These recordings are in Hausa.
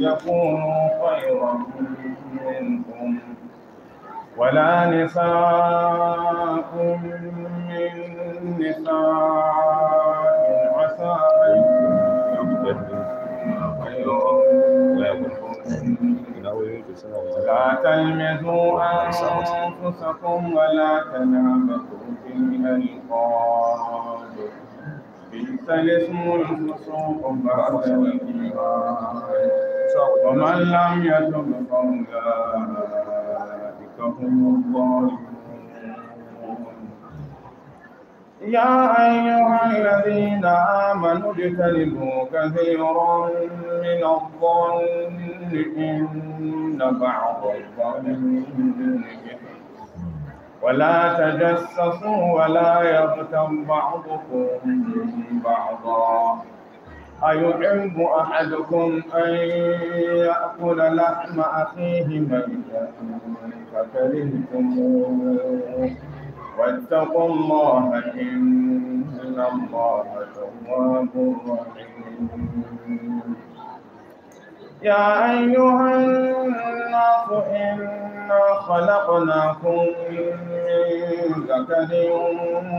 يكونوا خيرا منكم ولا نساء من نساء عسى أن لا تلمزوا أنفسكم ولا فيها بالألقاب يستلسه الفسوق بعد الإيمان ومن لم يتب فأولئك هم الظالمون يا أيها الذين آمنوا اجتنبوا كثيرا من الظن إن بعض الظن إثم ولا تجسسوا ولا يغتم بعضكم بعضا أيحب أحدكم أن يأكل لحم أخيه ميتا فكرهتموه واتقوا الله إن الله تواب رحيم يا أيها الناس إنا خلقناكم من ذكر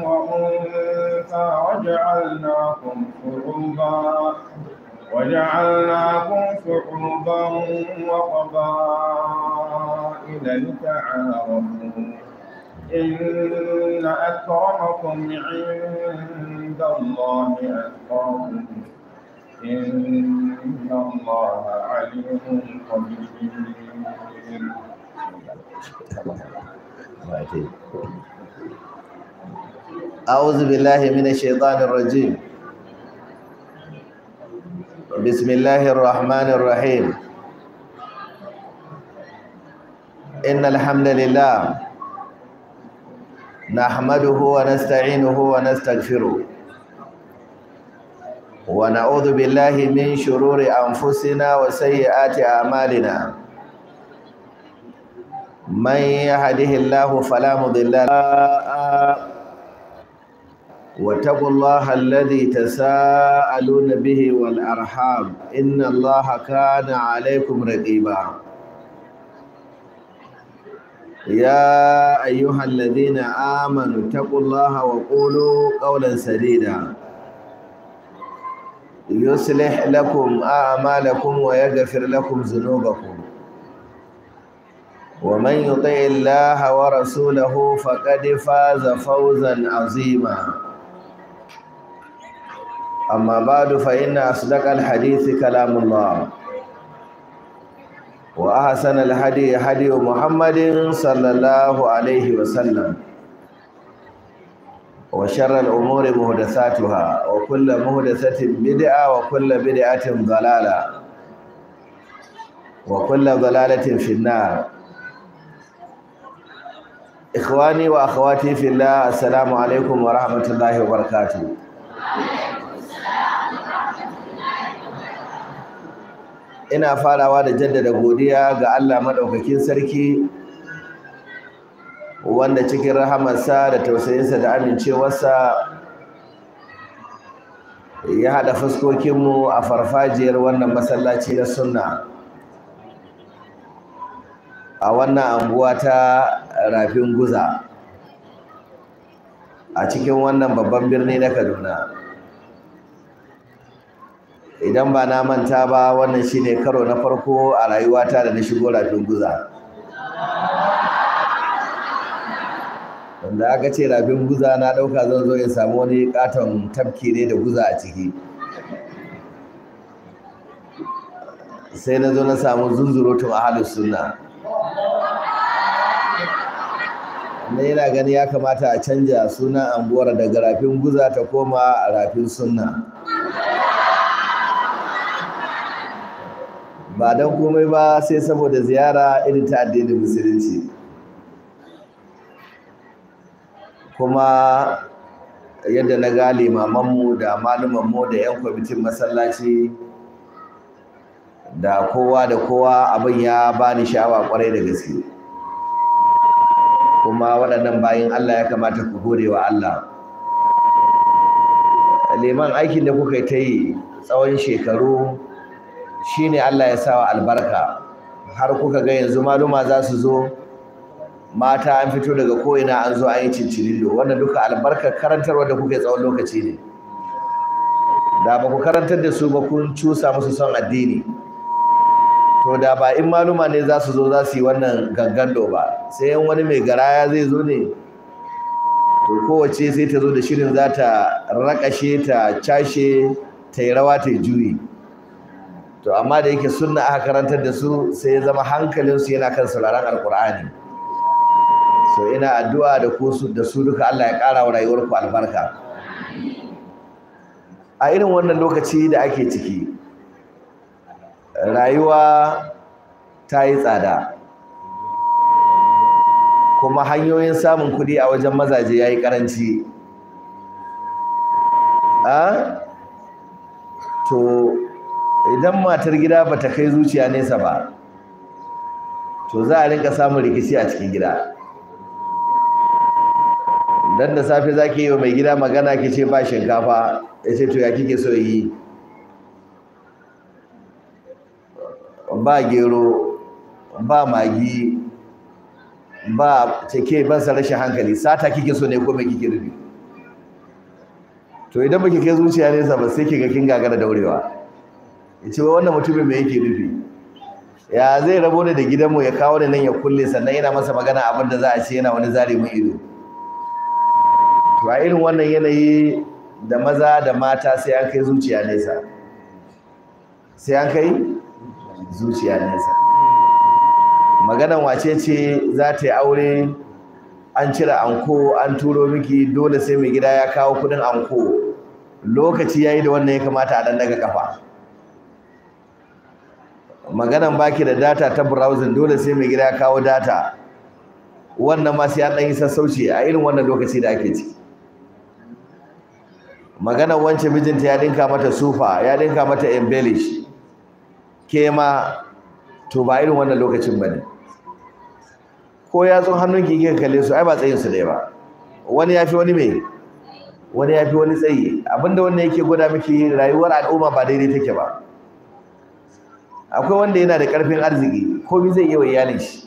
وأنثى وجعلناكم شعوبا وجعلناكم شعوبا وقبائل لتعارفوا إن أكرمكم عند الله أتقاكم إن الله عليم قدير أعوذ بالله من الشيطان الرجيم بسم الله الرحمن الرحيم إن الحمد لله نحمده ونستعينه ونستغفره ونعوذ بالله من شرور أنفسنا وسيئات أعمالنا من يهده الله فلا مضل له واتقوا الله الذي تساءلون به والأرحام إن الله كان عليكم رقيبا يا أيها الذين آمنوا اتقوا الله وقولوا قولا سديدا يصلح لكم أعمالكم ويغفر لكم ذنوبكم ومن يطع الله ورسوله فقد فاز فوزا عظيما أما بعد فإن أصدق الحديث كلام الله وأحسن الحديث حديث محمد صلى الله عليه وسلم وشر الأمور مهدساتها وكل مهدسة بدعة وكل بدعة ضلالة وكل ضلالة في النار إخواني وأخواتي في الله السلام عليكم ورحمة الله وبركاته ina farawa da jaddada godiya ga Allah madaukakin sarki wanda cikin rahamarsa da tausayinsa da amincewarsa ya haɗa fuskokinmu a farfajiyar wannan masallaci na sunna a wannan anguwa ta rafin guza a cikin wannan babban birni na kaduna idan ba na manta ba wannan shine karo na farko a rayuwata da na shigo rafin guza da aka ce rafin guza na ɗauka zan zo in samu wani katon tafki ne da guza a ciki sai na zo na samu zunzurutun ahalus sunna na yana gani ya kamata a canja sunan anguwar daga rafin guza ta koma rafin sunna ba don komai ba sai saboda ziyara irin ta addinin musulunci kuma yadda na ga limamanmu da malumanmu da 'yan kwamitin masallaci da kowa da kowa abin ya bani sha'awa kwarai da gaske kuma waɗannan bayan Allah ya kamata ku gode wa Allah liman aikin da kuka ta yi tsawon shekaru shine Allah ya sa wa albarka har kuka ga yanzu maluma za su zo mata an fito daga ko'ina an zo an yi cincirillo wanda duka albarkar karantarwa da kuke tsawon lokaci ne da ba ku karantar da su ba kun cusa musu son addini to da ba in maluma ne za su zo za su yi wannan gangando ba sai yan wani mai garaya zai zo ne to kowace sai ta zo da shirin za ta rakashe ta cashe ta yi rawa ta yi juyi to amma da yake sunna aka karantar da su sai ya zama hankalinsu yana kan sauraron alkur'ani to ina addu'a da ku da su duka Allah ya kara wa rayuwarku albarka a irin wannan lokaci da ake ciki rayuwa ta yi tsada kuma hanyoyin samun kuɗi a wajen mazaje ya yi ƙaranci to idan matar gida ba ta kai zuciya nesa ba to za a rinka samun rikici a cikin gida dan da safe zaki yi wa mai gida magana ki ce ba shinkafa ya ce to ya kike so yi ba gero ba magi ba cike ban sa rashin hankali sata kike so ne ko me kike rubi to idan baki kai zuciya ne ba sai kiga kin gagara daurewa ya ce wannan mutumin mai yake rubi ya zai rabo ni da gidanmu ya kawo ni nan ya kulle sannan yana masa magana abin da za a ce yana wani zalimin ido to a irin wannan yanayi da maza da mata sai an kai zuciya nesa sai an kai zuciya nesa maganan wace ce za ta yi aure an cire anko an turo miki dole sai mai gida ya kawo kudin anko lokaci ya yi da wannan ya kamata a ɗan daga kafa maganan baki da data ta browsing dole sai mai gida ya kawo data wannan ma sai an yi sassauci a irin wannan lokaci da ake ciki magana wance mijinta ya dinka mata sufa ya dinka mata embellish ke ma to ba irin wannan lokacin ba ne ko ya zo hannun ki kika kalle su ai ba tsayin su dai ba wani ya fi wani me wani ya fi wani tsayi abinda wannan yake gwada miki rayuwar al'umma ba daidai take ba akwai wanda yana da karfin arziki ko bi zai yi wa iyalin shi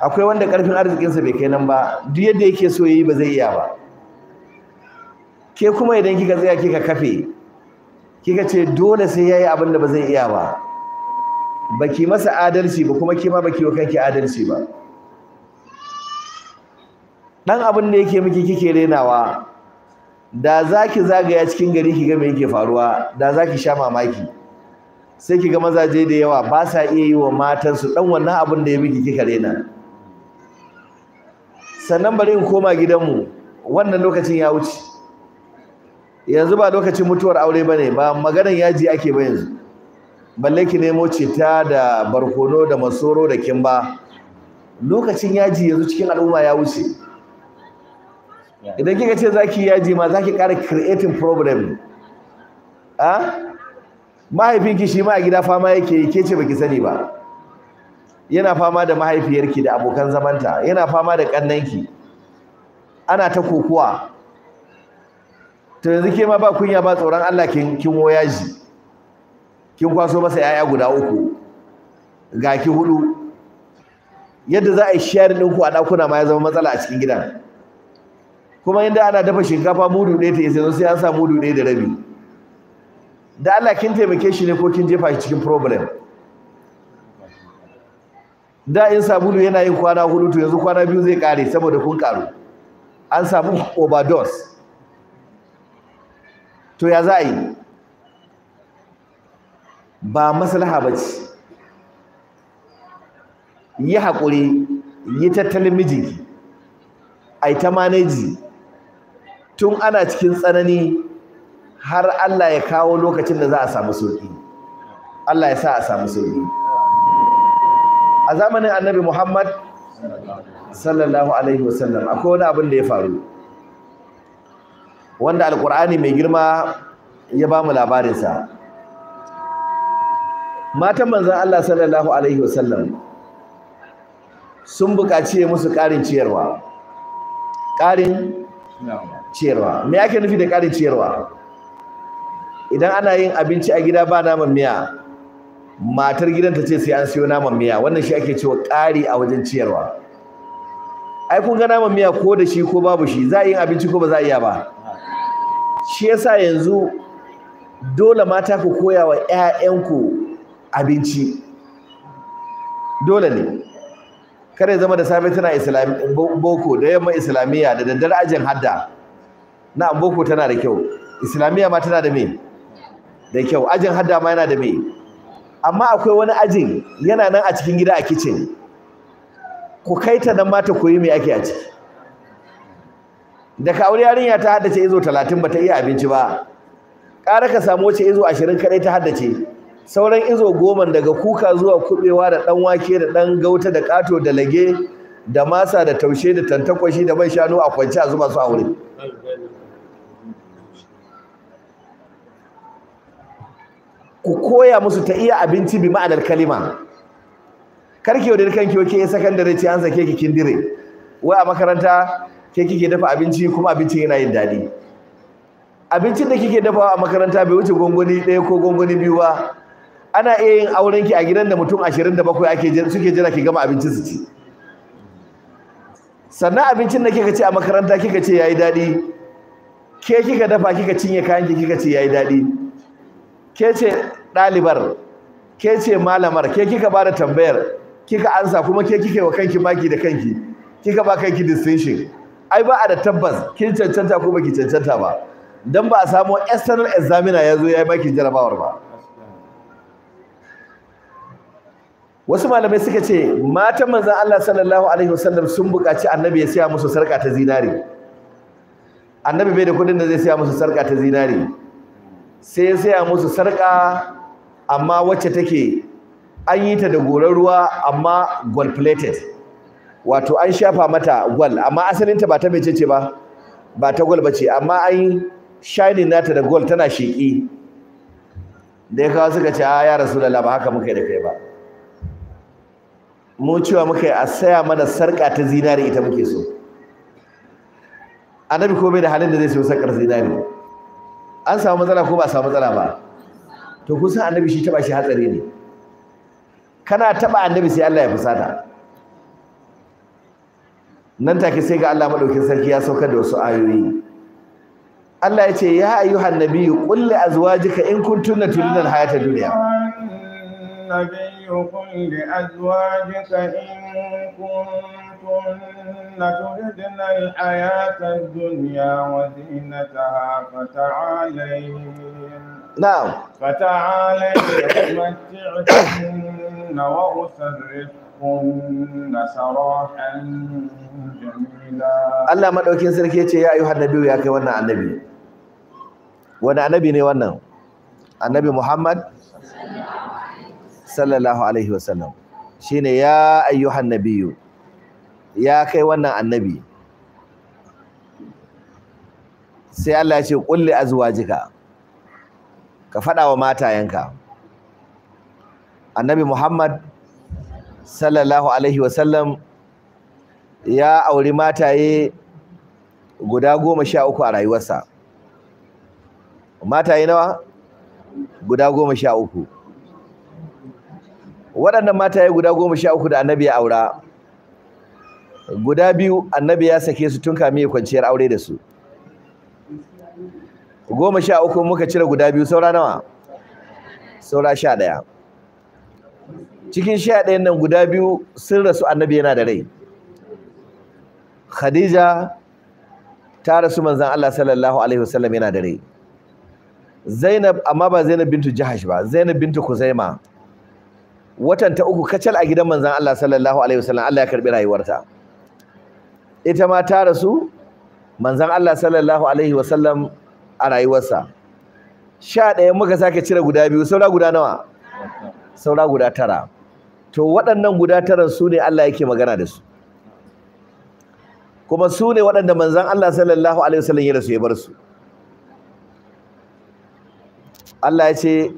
akwai wanda karfin arzikinsa bai kai nan ba duk yadda yake so yayi ba zai iya ba ke kuma idan kika tsaya kika kafe kika ce dole sai yayi abin da ba zai iya ba baki masa adalci ba kuma ke ma baki wa kanki adalci ba dan abin da yake miki kike renawa da zaki zagaya cikin gari kiga me yake faruwa da zaki sha mamaki sai kiga mazaje da yawa ba sa iya yi wa matansu dan wannan abin da ya miki kika rena sannan bari in koma gidanmu wannan lokacin ya wuce yanzu ba lokacin mutuwar aure ba ne ba maganan yaji ake ba yanzu balle ki nemo cita da barkono da masoro da kimba lokacin yaji yanzu cikin al'umma ya wuce idan kika ce zaki yaji ma zaki ƙara creating problem a mahaifinki shi ma a gida fama yake yi ke ce baki sani ba yana fama da mahaifiyarki da abokan zamanta yana fama da ƙannanki ana ta kokuwa to yanzu ke ma ba kunya ba tsoron Allah kin kin woyaji kin kwaso masa yaya guda uku ga ki hudu yadda za a yi din ku a ɗakuna ma ya zama matsala a cikin gidan kuma inda ana dafa shinkafa mudu ɗaya ta isa sai an sa mudu ɗaya da rabi da Allah kin taimake shi ne ko kin jefa shi cikin problem da in sabulu yana yin kwana hudu to yanzu kwana biyu zai kare saboda kun karu an samu overdose to ya za a yi ba maslaha ba ce yi haƙuri yi tattalin mijinki a yi ta maneji tun ana cikin tsanani har Allah ya kawo lokacin da za a samu sauƙi Allah ya sa a samu sauƙi a zamanin annabi Muhammad sallallahu alaihi wasallam akwai wani abin da ya faru wanda alkur'ani mai girma ya ba mu labarinsa matan manzan Allah sallallahu alaihi wasallam sun buƙaci musu ƙarin ciyarwa ƙarin ciyarwa me ake nufi da ƙarin ciyarwa idan ana yin abinci a gida ba naman miya matar gidan ta ce sai an siyo naman miya wannan shi ake cewa ƙari a wajen ciyarwa ai kun ga naman miya ko da shi ko babu shi za a yi abinci ko ba za a iya ba shi yasa yanzu dole mata ku koya wa 'ya'yanku abinci dole ne kare zama da safe tana islami boko da yamma islamiyya da daddare ajin hadda na boko tana da kyau islamiyya ma tana da me da kyau ajin hadda ma yana da me amma akwai wani ajin yana nan a cikin gida a kicin ku kai ta nan mata ta koyi me ake a ciki da ka yarinya ta haddace izo talatin ba ta iya abinci ba ƙara ka samu wace izo ashirin kaɗai ta haddace sauran izo goma daga kuka zuwa kuɓewa da ɗan wake da ɗan gauta da ƙato da lage da masa da taushe da tantakwashi da mai shanu a kwance a zuba su a ku koya musu ta iya abinci bi ma'anar kalima karki yau da kanki wake sakandare ce an sake ki kindire wai a makaranta ke kike dafa abinci kuma abincin yana yin daɗi abincin da kike dafawa a makaranta bai wuce gongoni ɗaya ko gongoni biyu ba ana iya yin auren ki a gidan da mutum 27 ake suke jira ki gama abincin su ci sannan abincin da kika ci a makaranta kika ce yayi daɗi ke kika dafa kika cinye kayan ki kika ce yayi daɗi ke ce ɗalibar ke ce malamar ke kika bada tambayar kika ansa kuma ke kike wa kanki maki da kanki kika ba kanki distinction ai ba a da tabbas kin cancanta ko baki cancanta ba dan ba a samu external examiner ya zo ya yi jarabawar ba wasu malamai suka ce matan manzon Allah sallallahu alaihi wasallam sun buƙaci annabi ya siya musu sarƙa ta zinari annabi bai da kuɗin da zai siya musu sarka ta zinari sai ya siya musu sarƙa amma wacce take an yi ta da goran ruwa amma gold plated wato an shafa mata gwal amma asalinta ba ta mecece ba ba ta gwal bace amma an shine nata da gwal tana sheƙi da ya kawo suka ce a ah, ya rasulullah ba haka muka yi da kai ba mu cewa muka yi a saya mana sarƙa ta zinari ita muke so annabi ko bai da halin da zai so sarƙar zinari an samu matsala ko ba a samu matsala ba to kusan annabi shi taba shi hatsari ne kana taba annabi sai Allah ya fusata nan take sai ga Allah madaukin sarki ya saukar da wasu ayoyi Allah ya ce ya ayyuhan nabiyyu qul li azwajika in kuntunna turidna hayata dunya النبي نعم Allah maɗaukin sarki ce ya yi سركي يتي يا ايها wannan annabi wani annabi ne wannan annabi Muhammad sallallahu alaihi wasallam shine ya ayyuhan nabiyyu ya kai wannan annabi sai Allah ya ce kulli jika ka faɗa wa yanka annabi Muhammad sallallahu alaihi wasallam ya auri mataye guda goma sha uku a rayuwarsa mataye nawa guda goma sha uku waɗannan mataye guda goma sha uku da annabi ya aura guda biyu annabi ya sake su tun kame kwanciyar aure da su goma sha uku muka cire guda biyu saura nawa saura sha ɗaya cikin sha ɗayan nan guda biyu sun rasu annabi yana da rai khadija ta rasu manzan Allah sallallahu alaihi wasallam yana da rai zainab amma ba zainab bintu jahash ba zainab bintu kuzaima watan ta uku kacal a gidan manzan Allah sallallahu alaihi wasallam Allah ya karbi rayuwarta ita ma ta rasu manzan Allah sallallahu alaihi wasallam a rayuwarsa sha ɗaya muka sake cire guda biyu saura guda nawa saura guda tara to waɗannan guda taran su ne Allah yake magana da su kuma su ne waɗanda manzan Allah sallallahu alaihi wasallam ya rasu ya bar su Allah ya ce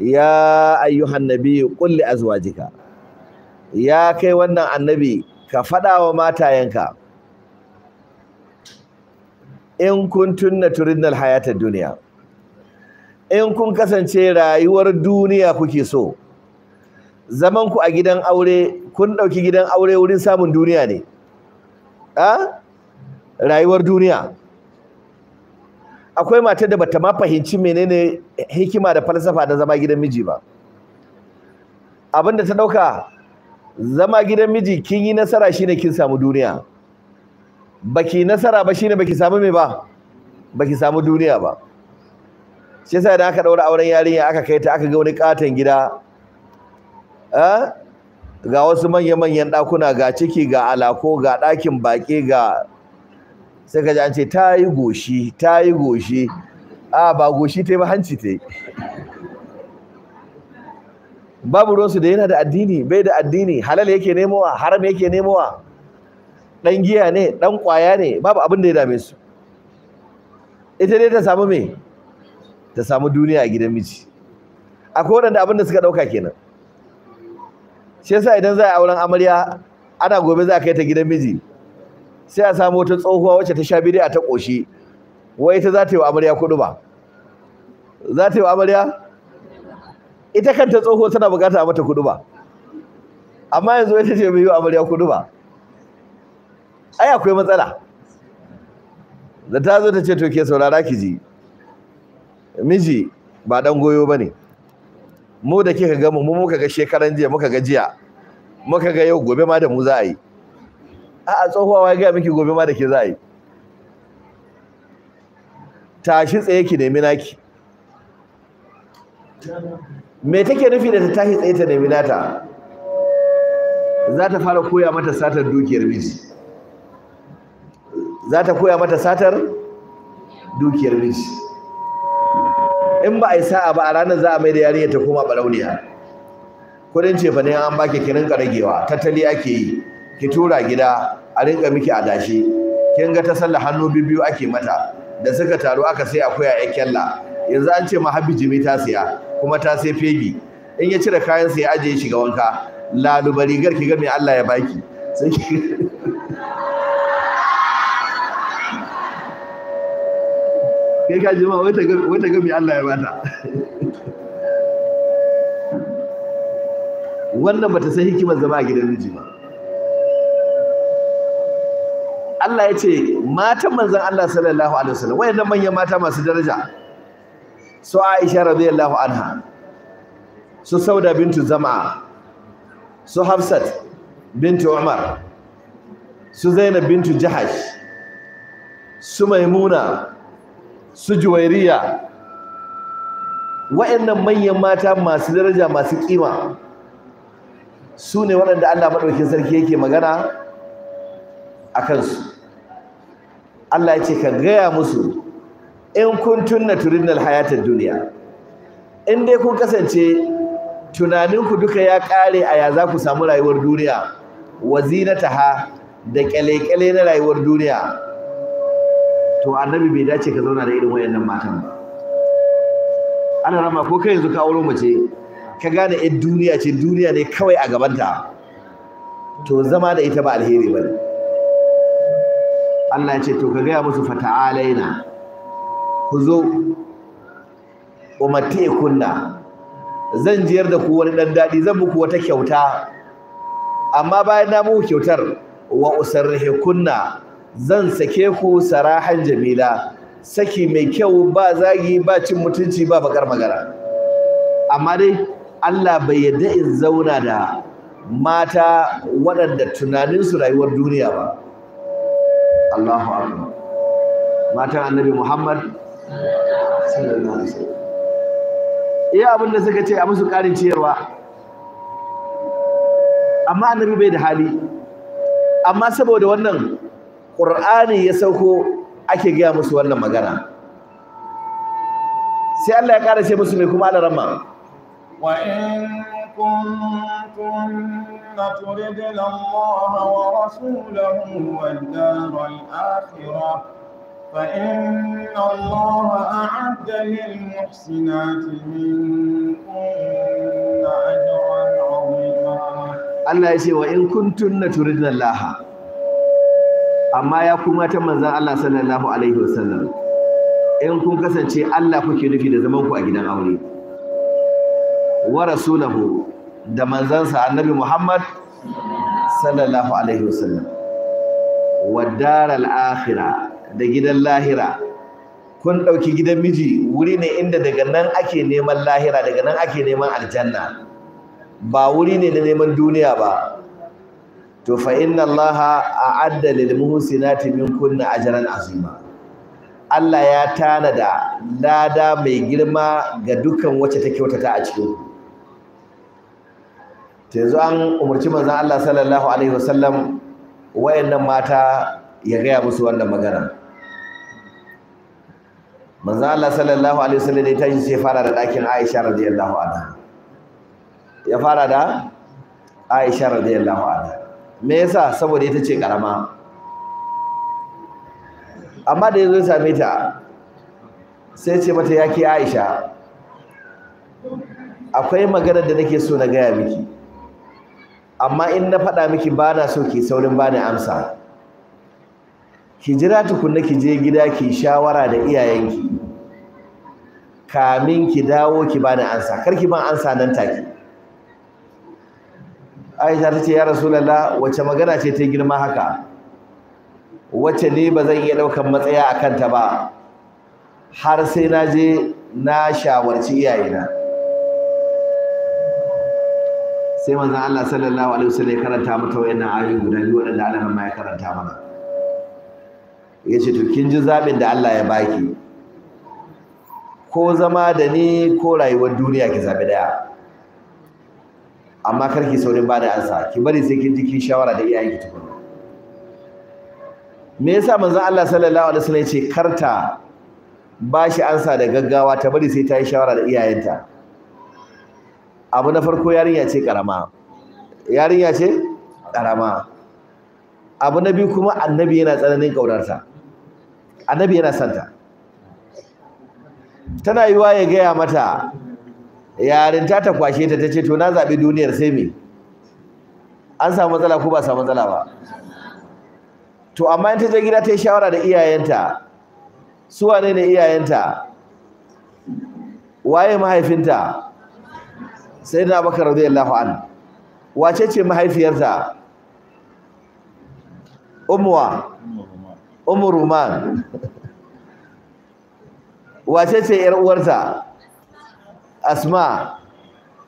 ya ayyuhan nabi qul li azwajika ya kai wannan annabi ka faɗa wa matayenka in kun tunna turinnal hayatad duniya in kun kasance rayuwar duniya kuke so zaman ku a gidan aure kun ɗauki gidan aure wurin samun duniya ne a rayuwar duniya akwai matar da bata ma fahimci menene hikima da falsafa da zama gidan miji ba abinda ta ɗauka zama gidan miji kin yi nasara shine kin samu duniya baki nasara ba shine baki samu me ba baki samu duniya ba shi yasa da aka daura auren yarinya aka kai ta aka ga wani katon gida ga wasu manya-manyan ɗakuna ga ciki ga alako ga ɗakin baƙi ga sai ka ji an ce ta yi goshi ta yi goshi a ba goshi ta yi hanci ta yi babu ruwansu da yana da addini bai da addini halal yake nemowa haram yake nemowa ɗan giya ne ɗan ƙwaya ne babu abin da ya dame su ita dai ta samu me ta samu duniya a gidan miji akwai waɗanda abin da suka ɗauka kenan shi yasa idan za a auren amarya ana gobe za a kai ta gidan miji sai a samu wata tsohuwa wacce ta sha a ta ƙoshi wai ita za ta yi wa amarya kuɗi ba za ta yi wa amarya ita kanta tsoho tana bukata mata kuɗi ba amma yanzu wai ta ce mai yi wa amarya kuɗi ba ai akwai matsala da ta zo ta ce to ke saurara ki ji miji ba dan goyo ba ne mu da kika ga mu muka ga shekaran jiya muka ga jiya muka ga yau gobe ma da mu za a yi a'a tsohuwa wai ga miki gobe ma da ke za a yi tashi tsaye ki nemi naki me take nufi da ta tashi tsaye ta nemi nata za ta fara koya mata satar dukiyar miji za ta koya mata satar dukiyar miji in ba a yi sa'a ba a ranar za a mai da yarinya ta koma barauniya kudin cefa ne an baki ki rinka ragewa tattali ake yi ki tura gida a rinka miki a dashi kin ga ta sallah hannu biyu ake mata da suka taru aka sai akuya ya kyalla yanzu an ce ma habi jimi ta siya kuma ta sai febi. in ya cire kayan sai ya ajiye shiga ga wanka lalubari garki ga me Allah ya baki kai ka jima wata ga wata ga Allah ya bata wannan bata san hikimar zama a gidan miji ba Allah ya ce matan manzon Allah sallallahu alaihi wasallam nan manyan mata masu daraja su Aisha radiyallahu anha su Sauda bintu Zama'a su Hafsat bintu Umar su Zainab bintu Jahash su Maimuna su juwairiya wa'annan manyan mata masu daraja masu kima su ne waɗanda Allah maɗauki sarki yake magana a kansu Allah ya ce ka gaya musu in kun tunna turinal hayatar duniya in dai kun kasance tunaninku duka ya ƙare a ya za ku samu rayuwar duniya wazinataha da ƙyale-ƙyale na rayuwar duniya to annabi bai dace ka zauna da irin wayannan matan ba ana rama ko kai yanzu ka auro mace ka gane yan duniya ce duniya ne kawai a gabanta to zama da ita ba alheri ba ne Allah ya ce to ka gaya musu fata'alaina ku zo umatte kunna zan jiyar da ku wani dan dadi zan muku wata kyauta amma bayan na muku kyautar wa usarrihi kunna zan sake ku sarahan jamila saki mai kyau ba zagi ba cin mutunci ba bakar magana amma dai Allah bai yadda in zauna da mata waɗanda tunaninsu rayuwar duniya ba Allahu akbar matan annabi Muhammad sallallahu alaihi iya abin da suka ce a musu ƙarin ciyarwa amma annabi bai da hali amma saboda wannan Qur'ani ya sauko ake gaya musu wannan magana sai Allah ya ƙara ce musu mai kuma Allah rahma wa in kuntum naturidina Allah wa rasulahu wal daral akhirah fa inna Allah a'adda lil muhsinati minkum ajran 'azima Allah ya ce wa in kuntum naturidina Allah amma ya ku matan manzan Allah sallallahu alaihi wasallam in kun kasance Allah kuke nufi da zamanku a gidan aure wa rasulahu da manzansa annabi Muhammad sallallahu alaihi wasallam wa daral akhirah da gidan lahira kun ɗauki gidan miji wuri ne inda daga nan ake neman lahira daga nan ake neman aljanna ba wuri ne na neman duniya ba to fa inna allaha a'adda lil muhsinati min kunna ajran azima Allah ya tanada lada mai girma ga dukan wacce ta kyautata a cikin ta yanzu an umarci manzon Allah sallallahu alaihi wasallam wayannan mata ya gaya musu wannan magana manzon Allah sallallahu alaihi wasallam ne tashi sai fara da dakin Aisha radiyallahu anha ya fara da Aisha radiyallahu anha me yasa saboda ita ce karama amma da yazo ya same ta sai ce mata ya ke Aisha akwai maganar da nake so na gaya miki amma in na faɗa miki ba na so ki saurin ba ni amsa ki jira tukunna ki je gida ki shawara da iyayenki kamin ki dawo ki bani ansa kar ki ban amsa nan take Aisha ta ce ya Rasulullah wace magana ce ta girma haka wace ne ba zan iya ɗaukan matsaya a kanta ba har sai na je na shawarci iyayena sai manzon Allah sallallahu alaihi wasallam ya karanta mata wayannan ayoyi guda biyu wadanda Allah ya karanta mana yace to kin ji zabin da Allah ya baki ko zama da ni ko rayuwar duniya ki zabi daya amma kar ki saurin ba da ansa ki bari sai kin ji kin shawara da iyayen ki tukuna me yasa manzon Allah sallallahu alaihi wasallam yace karta ba shi ansa da gaggawa ta bari sai ta yi shawara da iyayenta abu na farko yarinya ce karama yarinya ce karama abu na biyu kuma annabi yana tsananin kaunarta annabi yana santa tana yiwa ya gaya mata yarinta ta kwashe ta tace to na zabi duniyar sai me an samu matsala ko ba samu matsala ba to amma in ta je gida ta yi shawara da iyayenta su wane ne iyayenta waye mahaifinta sai na baka abakar radiyallahu an wace ce mahaifiyarta umuwa umuruman. wace ce yar uwarta asma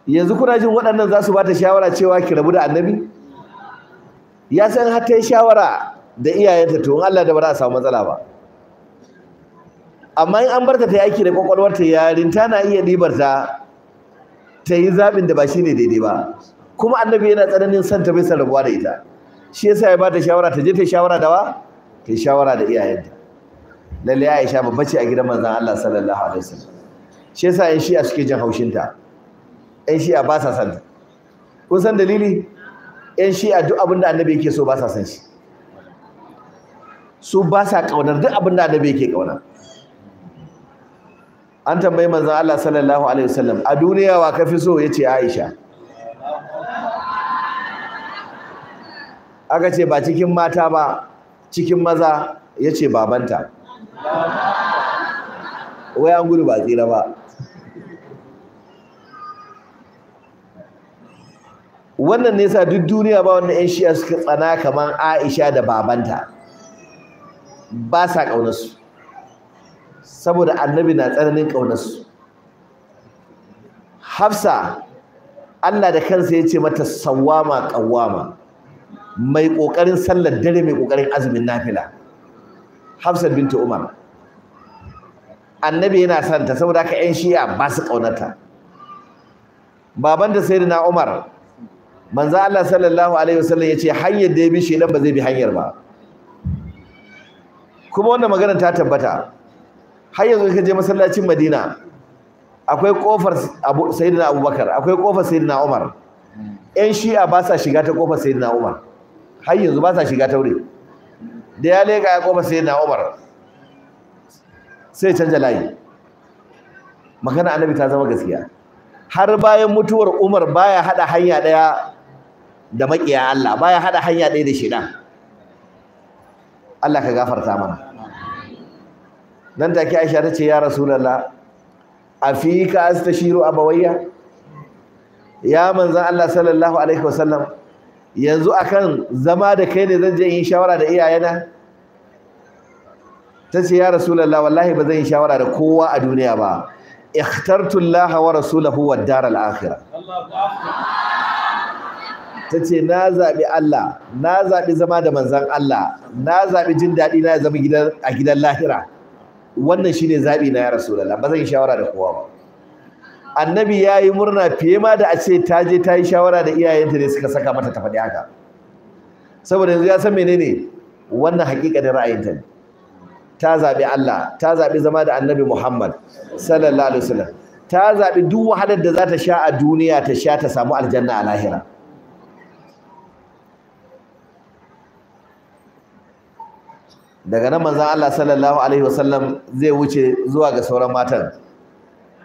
yanzu kuna jin waɗannan za su ba ta shawara cewa ki rabu da annabi ya san har ta shawara da iyayenta to in Allah da ba za a samu matsala ba amma in an barta ta yi aiki da kwakwalwarta yarinta na iya ɗibar ta ta yi zaɓin da ba shi ne daidai ba kuma annabi yana tsananin son ta bai san rabuwa da ita shi yasa ya bata shawara ta je ta shawara da wa ta shawara da iyayenta lalle Aisha babba ce a gidan manzon Allah sallallahu alaihi wasallam shi yasa yan shi'a suke jin haushinta yan shi ba sa santa kun san dalili yan shi'a duk abin da annabi yake so ba sa san shi su ba sa kaunar duk abin da annabi yake kauna an tambayi manzon Allah sallallahu alaihi wasallam a duniya wa kafi so yace Aisha aka ce ba cikin mata ba cikin maza yace babanta wai an gudu ba tsira ba wannan ne yasa duk duniya ba wannan 'yan shi'a suka tsana kamar aisha da babanta ba sa su? saboda annabi na tsananin su. hafsa allah da kansa ya ce mata sawama kawama mai ƙoƙarin sallar dare mai ƙoƙarin azumin nafila hafsa binta umar annabi yana santa saboda haka 'yan shi'a ba su ƙaunarta baban da sayyidina umar manzo Allah sallallahu alaihi wasallam yace hanyar da ya bi shedan ba zai bi hanyar ba kuma wannan magana ta tabbata har yanzu ka je masallacin Madina akwai kofar Abu Sayyidina Abubakar akwai kofar Sayyidina Umar ƴan Shi'a ba sa shiga ta kofar Sayyidina Umar har yanzu ba sa shiga ta wuri da ya leka ya kofar Sayyidina Umar sai canja layi magana Annabi ta zama gaskiya har bayan mutuwar Umar baya hada hanya daya da makiya Allah baya hada hanya ɗaya da shida. Allah ka gafarta mana nan take Aisha ta ce ya Rasulullah afika astashiru abawayya ya manzan Allah sallallahu alaihi wasallam yanzu akan zama da kai ne zan je in shawara da iyayena Ta ce ya rasulullah wallahi ba zan yi shawara da kowa a duniya ba ikhtartu allaha wa rasulahu wad daral akhirah Allahu akbar ta ce na zaɓi Allah na zaɓi zama da manzan Allah na zaɓi jin daɗi na zama a gidan lahira wannan shine zaɓi na ya da ba zan shawara da kowa ba annabi ya yi murna fiye ma da a ce ta je ta yi shawara da iyayenta ne suka saka mata ta faɗi haka saboda yanzu ya san menene wannan hakikanin ra'ayinta ne ta zaɓi Allah ta zaɓi zama da annabi Muhammad sallallahu alaihi wasallam ta zaɓi duk wahalar da za ta sha a duniya ta sha ta samu aljanna a lahira daga nan manzon Allah sallallahu alaihi wasallam zai wuce zuwa ga sauran matan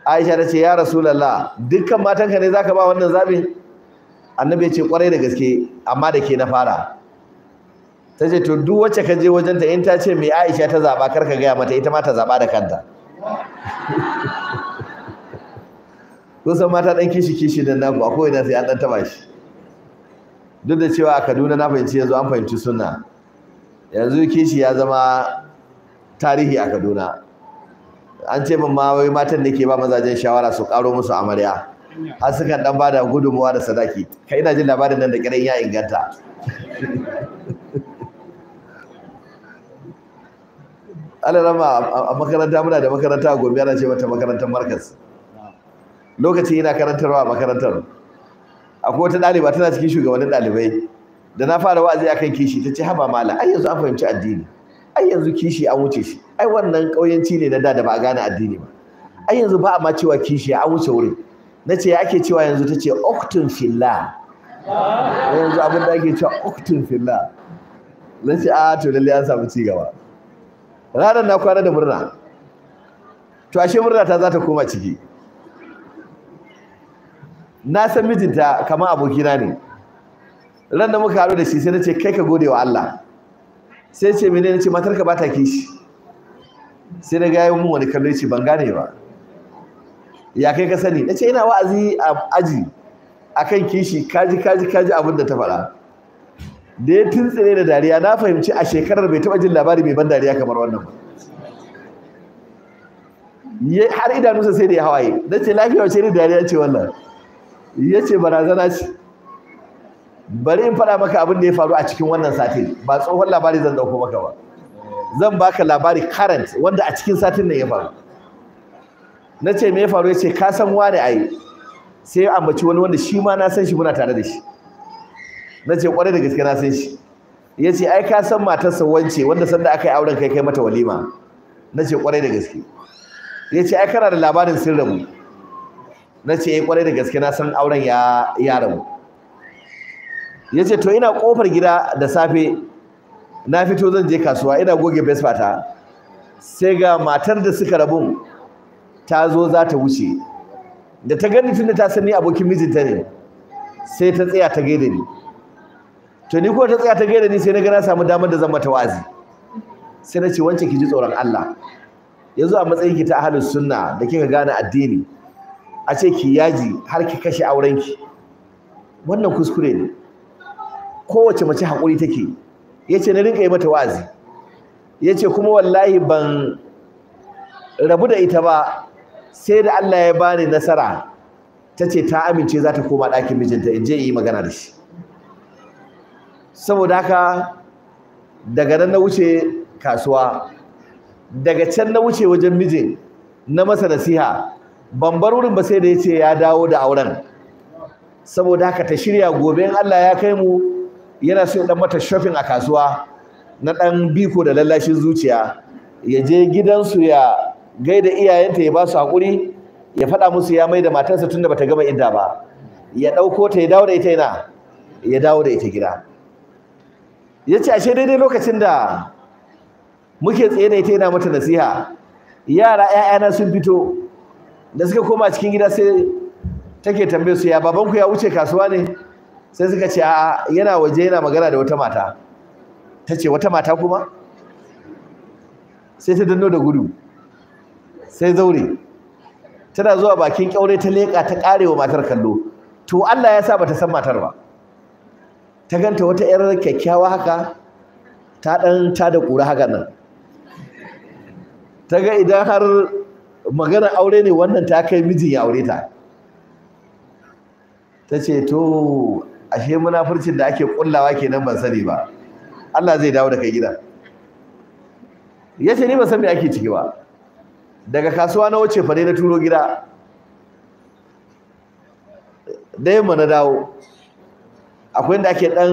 Aisha ta ce ya Rasulullah dukkan matanka ne zaka ba wannan zabi Annabi ya ce kwarai da gaske amma da ke na fara ta ce to duk wacce ka je wajenta in ta ce mai Aisha ta zaba kar ka gaya mata ita ma ta zaba da kanta kusan mata dan kishi kishi dan naku akwai ina sai an dan taba shi duk da cewa a Kaduna na fahimci yanzu an fahimci sunna yanzu kishi ya zama tarihi a Kaduna an ce min ma wai matan da ke ba mazajen shawara su karo musu amarya har sukan dan bada gudunmuwa da sadaki kai ina jin labarin nan da kiran ya inganta ana rama a makaranta muna da makaranta a gobe ana ce mata makarantar markas lokaci ina karantarwa a makarantar akwai wata ɗaliba tana cikin shugabannin ɗalibai da na fara wa'azi akan kishi ta ce haba mala ai yanzu an fahimci addini ai yanzu kishi an wuce shi ai wannan ƙauyanci ne na da da ba a gane addini ba ai yanzu ba a ma cewa kishi an wuce wurin na ce ake cewa yanzu ta ce oktun filla yanzu abin da ake cewa oktun filla na ce a ah, to lalle an samu cigaba ranar na kwana da murna to ashe murna ta za ta koma ciki na san mijinta kamar abokina ne ran da muka haɗu da shi sai na ce kai ka gode wa Allah sai ce mene na ce matarka ba ta kishi sai na gaya mun wani kallon ce ban gane ba ya kai ka sani na ce ina wa'azi a aji akan kishi kaji kaji kaji abin da ta faɗa da ya tuntsire da dariya na fahimci a shekarar bai taɓa jin labari mai ban dariya kamar wannan ba har idanunsa sai da ya hawaye na ce lafiya wace ne dariya ce wannan ya ce barazana ce bari in faɗa maka abin da ya faru a cikin wannan satin ba tsohon labari zan dauko maka ba zan baka labari current wanda a cikin satin nan ya faru na ce me ya faru ya ce ka san wane ayi sai ya ambaci wani wanda shi ma na san shi muna tare da shi na ce kwarai da gaske na san shi ya ce ai ka san matarsa wance wanda sanda aka yi auren kai kai mata walima na ce kwarai da gaske ya ce ai kana da labarin sirrin na ce kwarai eh, da gaske na san auren ya ya rabu ya ce to ina kofar gida da safe na fito zan je kasuwa ina goge vespa ta sai ga matar da suka rabu ta zo za ta wuce da ta gani tunda ta sani abokin mijinta ne sai ta tsaya ta gaida ni to ni ko ta tsaya ta gaida ni sai na ga na samu damar da zan mata wazi sai na ce wance ki ji tsoron Allah yanzu a matsayin ki ta ahlus sunna da kika gane addini a ce ki yaji har ki kashe aurenki wannan kuskure ne kowace mace haƙuri take yace na rinka yi mata wazi yace kuma wallahi ban rabu da ita ba sai da Allah ya bani nasara tace ta amince za ta koma ɗakin mijinta in je yi magana da shi saboda haka daga nan na wuce kasuwa daga can na wuce wajen mijin na masa nasiha ban bar wurin ba sai da yace ya dawo da auren saboda haka ta shirya gobe in Allah ya kai mu yana so dan mata shopping a kasuwa na ɗan biko da lallashin zuciya ya je gidansu ya gaida iyayenta ya ba su hakuri ya faɗa musu ya mai da matarsa tunda bata gama idda ba ya ɗauko ta ya dawo da ita yana ya dawo da ita gida ya ce ashe daidai lokacin da muke tsaye da ita yana mata nasiha yara 'ya'yana sun fito da suka koma cikin gida sai take tambayar su ya babanku ya wuce kasuwa ne sai suka ce a'a yana waje yana magana da wata mata ta ce wata mata kuma sai ta danno da gudu sai zaure tana zuwa bakin kyaure ta leƙa ta ƙarewa matar kallo to Allah ya sa ta san matar ba ta ganta wata yar kyakkyawa haka ta ɗan ta da ƙura haka nan ta ga idan har magana aure ne wannan ta kai mijin ya aure ta ta ce to ashe munafurcin da ake kullawa kenan ban sani ba Allah zai dawo da kai gida yace ni ban san me ake ciki ba daga kasuwa na wuce fare na turo gida da yamma na dawo akwai da ake dan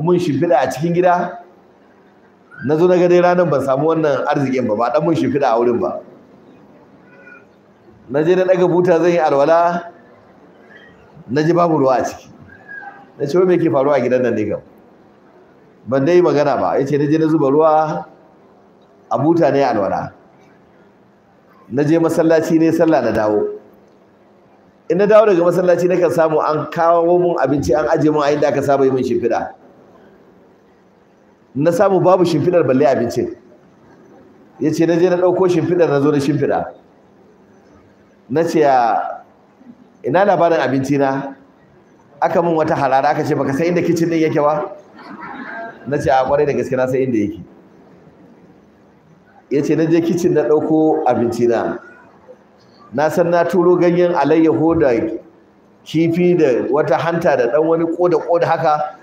mun shimfiɗa a cikin gida na zo na ga ranar ban samu wannan arzikin ba ba dan mun shimfiɗa a wurin ba na je na daga buta zan yi alwala na ji babu ruwa a ciki na ce me ke faruwa a gidan nan ne kam ban dai magana ba yace na je na zuba ruwa a buta ne alwala na je masallaci ne sallah na dawo in na dawo daga masallaci nakan samu an kawo mun abinci an aje mun a inda aka saba yi mun shimfiɗa na samu babu shimfiɗar balle abincin ya ce na je na ɗauko shimfiɗar na zo na shimfiɗa na ce ina labarin abinci na aka min wata harara aka ce baka san inda kitchen din yake ba na ce a kwarai da gaske na san inda yake ya na je kitchen na ɗauko abinci na na san na turo ganyen alayyaho da kifi da wata hanta da ɗan wani ƙoda ƙoda haka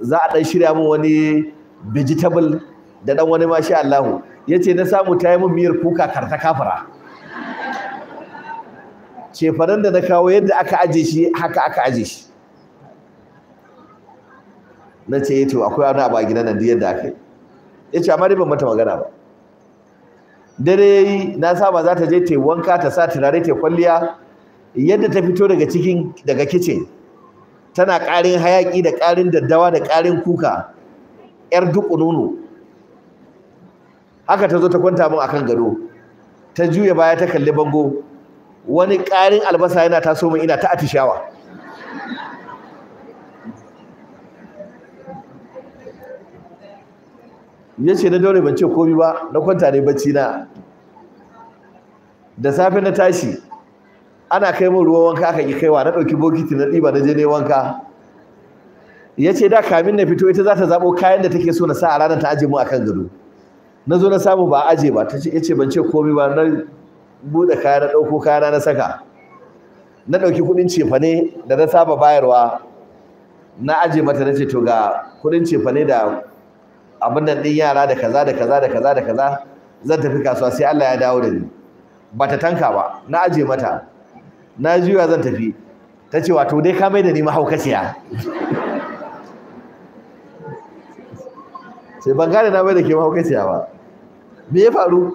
za a ɗan shirya min wani vegetable da ɗan wani mashi Allahu Yace na samu ta yi min miyar kuka karta kafara Ce faran da na kawo yadda aka aje shi haka aka aje shi na ce eh to akwai wani abu a gidan nan duk yadda aka yi ya ce amma dai mata magana ba dare ya yi na saba za ta je ta wanka ta sa turare ta kwalliya yadda ta fito daga cikin daga kicin tana ƙarin hayaƙi da ƙarin daddawa da ƙarin kuka ƴar duk nono haka ta zo ta kwanta min akan gado ta juya baya ta kalli bango wani ƙarin albasa yana taso min ina ta atishawa ya ce na dole ban ce komi ba na kwanta ne bacci na da safe na tashi ana kai min ruwan wanka aka ki kaiwa na ɗauki bokiti na ɗiba na je ne wanka ya ce da kamin na fito ita za ta zaɓo kayan da take so na sa a ranar ta aje mu akan gado na zo na samu ba aje ba ta ce ya ce ban ce komi ba na buɗe kaya na ɗauko kaya na saka na ɗauki kuɗin cefane da na saba bayarwa na aje mata na ce to ga kuɗin cefane da abin nan din yara da kaza da kaza da kaza da kaza zan tafi kasuwa sai Allah ya dawo da ni ba ta tanka ba na aje mata na juya zan tafi ta ce wato dai ka mai da ni mahaukaciya sai ban gane na mai da ke mahaukaciya ba me ya faru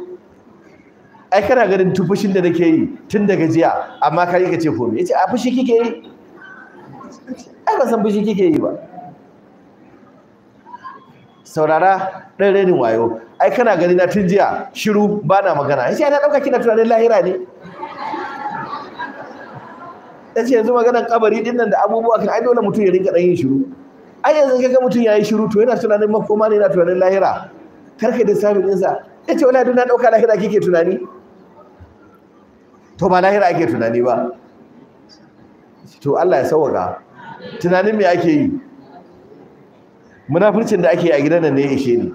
ai kana ganin tufushin da nake yi tun daga jiya amma ka yi ka ce komai ya ce a fushi kike yi ai ba san fushi kike yi ba saurara ɗan renin wayo ai kana gani na tun jiya shiru ba na magana Ya ce ana ɗauka kina tunanin lahira ne Ya ce yanzu maganar kabari dinnan nan da abubuwa kan ai dole mutum ya rinka ɗan yin shiru ai yanzu ga mutum yayi shiru to yana tunanin makoma ne yana tunanin lahira karka da sabin ɗinsa ce wala na ɗauka lahira kike tunani to ba lahira ake tunani ba to Allah ya sauwaka tunanin me ake yi munafircin da ake a gidan nan ne ya ishe ni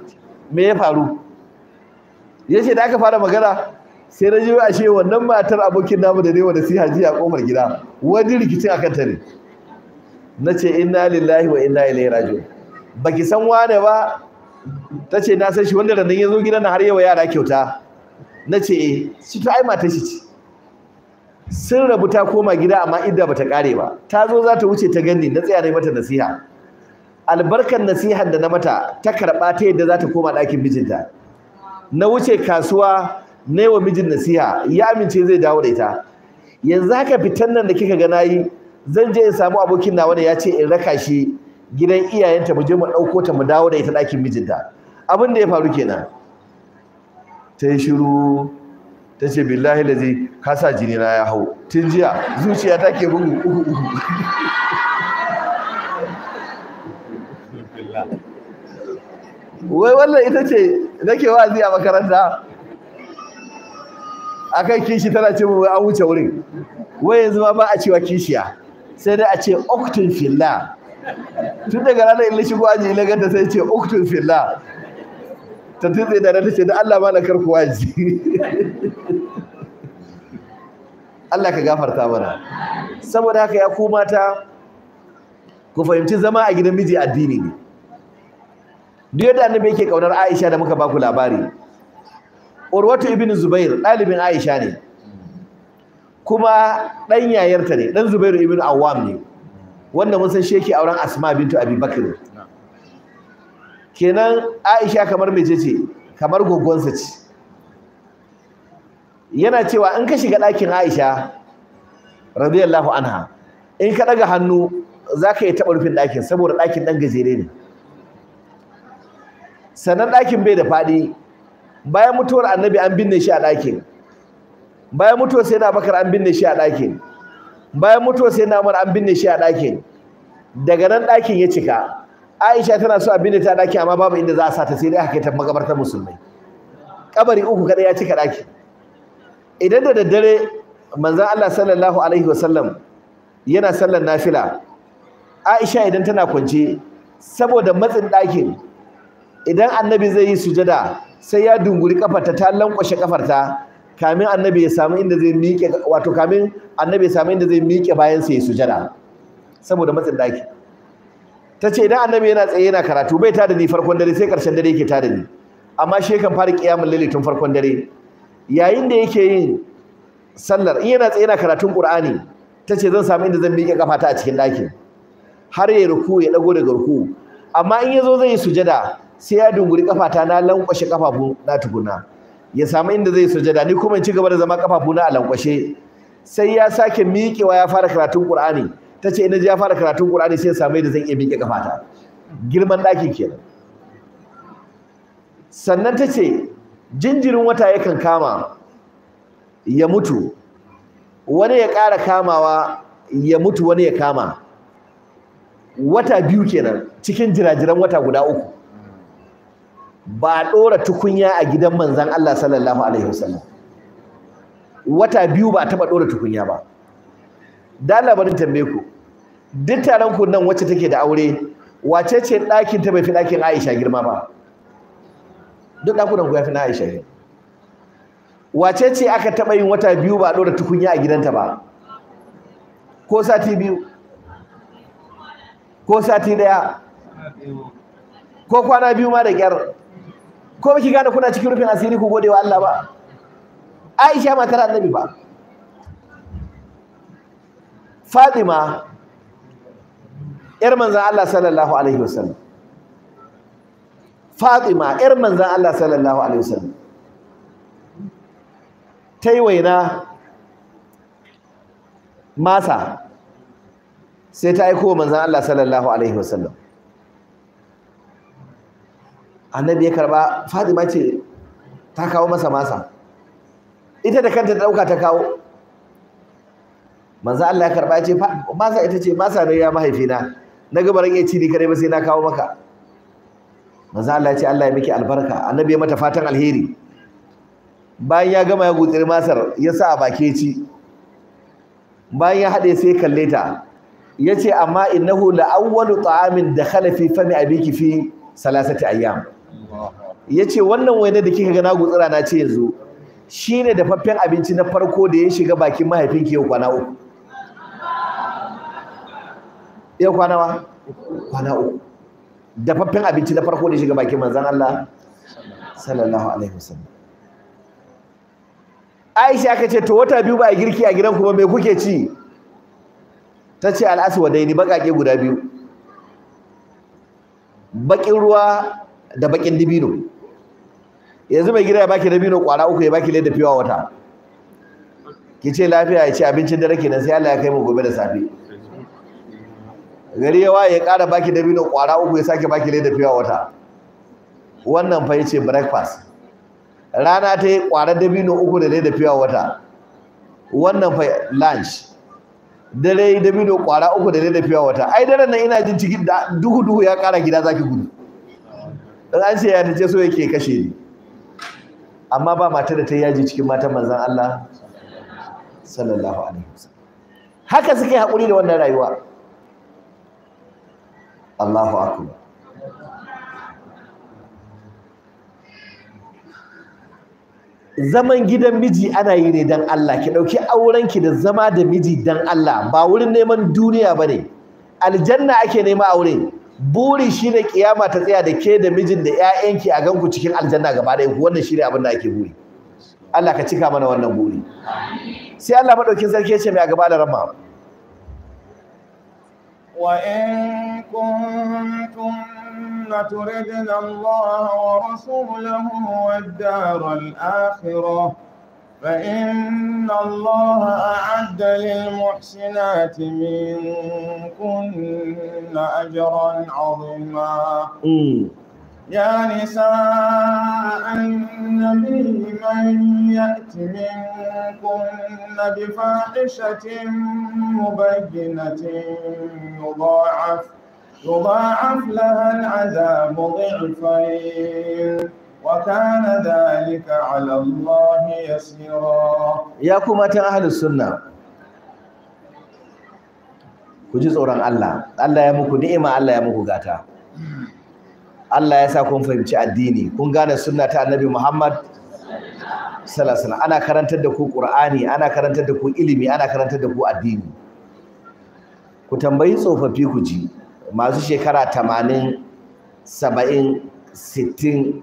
me ya faru yace da aka fara magana sai na ji ashe wannan matar abokin namu da ne wanda sai haji a komar gida wani rikicin akan ta ne nace inna lillahi wa inna ilaihi ba baki san wane ba tace na san shi wanda randan ya zo gidan har yawa yara kyauta nace eh shi ta ai matar shi ce sun rabu ta koma gida amma idda bata kare ba ta zo za ta wuce ta ganni na tsaya ne mata nasiha albarkar nasihar da na mata ta karɓa ta yadda za ta koma ɗakin mijinta na wuce kasuwa na wa mijin nasiha ya amince zai dawo da ita yanzu haka fitan nan da kika ga yi zan je in samu abokin nawa ne ya ce in raka shi gidan iyayenta mu je mu ɗauko ta mu dawo da ita ɗakin mijinta abin da ya faru kenan ta yi shiru ta ce billahi lazi kasa jini na ya hau tun jiya zuciya ta ke bugu uku uku wai wannan ita ce nake wazi a makaranta akan kishi tana ce mu an wuce wurin wai yanzu ma ba a cewa kishiya sai dai a ce oktun filla tun daga ranar in shigo aji in laganta sai ce oktun filla ta tutse da ta ce da Allah ma na karku waji Allah ka gafarta mana saboda haka ya ku mata ku fahimci zama a gidan miji addini ne duk yadda annabi yake kaunar Aisha da muka baku labari Urwatu ibn Zubair ɗalibin Aisha ne kuma ɗan yayarta ne dan Zubairu ibn Awwam ne wanda mun san sheki auren Asma bintu Abi Bakr kenan Aisha kamar mece ce kamar gogonsa ce yana cewa in ka shiga ɗakin Aisha radiyallahu anha in ka ɗaga hannu za ka yi taɓa rufin ɗakin saboda ɗakin ɗan gajere ne sannan ɗakin bai da faɗi bayan mutuwar annabi an binne shi a ɗakin bayan mutuwar sai na bakar an binne shi a ɗakin bayan mutuwar sai na mara an binne shi a ɗakin daga nan ɗakin ya cika aisha tana so a binne ta ɗaki amma babu inda za a sa ta sai dai aka kai ta musulmai kabari uku kaɗai ya cika ɗaki idan da daddare manzon Allah sallallahu alaihi wasallam yana sallar nafila aisha idan tana kwance saboda matsin ɗakin idan annabi zai yi sujada sai ya dunguri kafarta ta lankwashe kafarta kamin annabi ya samu inda zai miƙe wato kamin annabi ya samu inda zai miƙe bayan sa ya sujada saboda matsin daki tace idan annabi yana tsaye yana karatu bai tada ni farkon dare sai karshen dare yake tada ni amma shi kan fara kiyamul laili tun farkon dare yayin da yake yin sallar in yana tsaye yana karatun qur'ani tace zan samu inda zan miƙe kafata a cikin ɗakin har ya ruku ya dago daga ruku amma in yazo zai yi sujada sai ya dunguri kafata na lankwashe kafafu na tukuna ya samu inda zai sujada ni kuma in ci gaba da zama kafafu na a lankwashe sai ya sake miƙewa ya fara karatun Qur'ani tace ina ya fara karatun Qur'ani sai ya samu inda zan iya miƙe kafata girman ɗaki kenan sannan tace jinjirin wata yakan kama ya mutu wani ya ƙara kamawa ya mutu wani ya kama wata biyu kenan cikin jirajiran wata guda uku ba ɗora tukunya a gidan manzan Allah sallallahu alaihi wasallam wata biyu ba a taɓa ɗora tukunya ba da labarin tambaye ku duk taron ku nan wacce take da aure wace ce ɗakin ta bai fi ɗakin Aisha girma ba duk ɗakunan ku ya fi na Aisha wace ce aka taɓa yin wata biyu ba a ɗora tukunya a gidanta ba ko sati biyu ko sati daya ko kwana biyu ma da kyar ko ki gane kuna cikin rufin asiri ku gode wa Allah ba Aisha matar Annabi ba Fatima ‘yar manzan Allah sallallahu Alaihi wasallam Fatima ‘yar manzan Allah sallallahu Alaihi wasallam ta yi waina masa sai ta aiko manzan Allah sallallahu Alaihi wasallam annabi ya karba fatima ce ta kawo masa masa ita da kanta ta dauka ta kawo manzo Allah ya karba ya ce masa ita ce masa ne ya mahaifina na ga baran ya ni kare ba sai na kawo maka manzo Allah ya ce Allah ya miki albarka annabi ya mata fatan alheri bayan ya gama ya gutsiri masar ya sa a bake ci bayan ya haɗe sai kalle ta yace amma innahu awwalu ta'amin da fi fami abiki fi salasati ayyam yace ce wannan waina da kika ga na gutsura na ce yanzu shine dafaffen abinci na farko da ya shiga bakin mahaifinki yau kwana uku yau kwana wa kwana uku dafaffen abinci na farko da ya shiga bakin manzon Allah sallallahu alaihi wasallam Aisha aka ce to wata biyu ba a girki a gidan ku ba me kuke ci ta ce al'aswadaini baƙaƙe guda biyu baƙin ruwa da bakin dibino yanzu mai gida ya baki dabino kwana uku ya baki leda fiwa wata ki ce lafiya ya ce abincin dare kenan sai Allah ya kai mu gobe da safe gari yawa ya ƙara baki dabino kwana uku ya sake baki leda fiwa wata wannan fa yace breakfast rana ta yi kwara dabino uku da leda fiwa wata wannan fa lunch dare dabino kwara uku da leda fiwa wata ai daren nan ina jin ciki duhu duhu ya ƙara gida zaki gudu don an ce ya ce so yake kashe ni amma ba mata da ta yaji cikin mata manzan Allah sallallahu alaihi wasallam haka suke haƙuri da wannan rayuwa Allahu akbar zaman gidan miji ana yi ne don Allah ki ɗauki aurenki da zama da miji don Allah ba wurin neman duniya ba ne aljanna ake nema aure Buri shi ne kiyama ta tsaya da ke da mijin da 'ya'yanki a ganku cikin aljanna gaba da yanku wannan shi ne abin da ake buri Allah ka cika mana wannan buri sai Allah maɗaukin sarki ce mai a gaba da rama wain كنتن تردن الله ورسوله والدار فإن الله أعد للمحسنات منكن أجرا عظيما يا نساء النبي من يأت منكن بفاحشة مبينة يضاعف يضاعف لها العذاب ضعفين وكان ذلك على الله يسيرا يا كما أهل السنة ku ji tsoron Allah Allah ya muku ni'ima Allah ya muku gata Allah ya sa kun fahimci addini kun gane sunna ta Annabi Muhammad sallallahu alaihi ana karantar da ku Qur'ani ana karantar da ku ilimi ana karantar da ku addini ku tambayi tsofaffi ku ji masu shekara 80 70 sittin.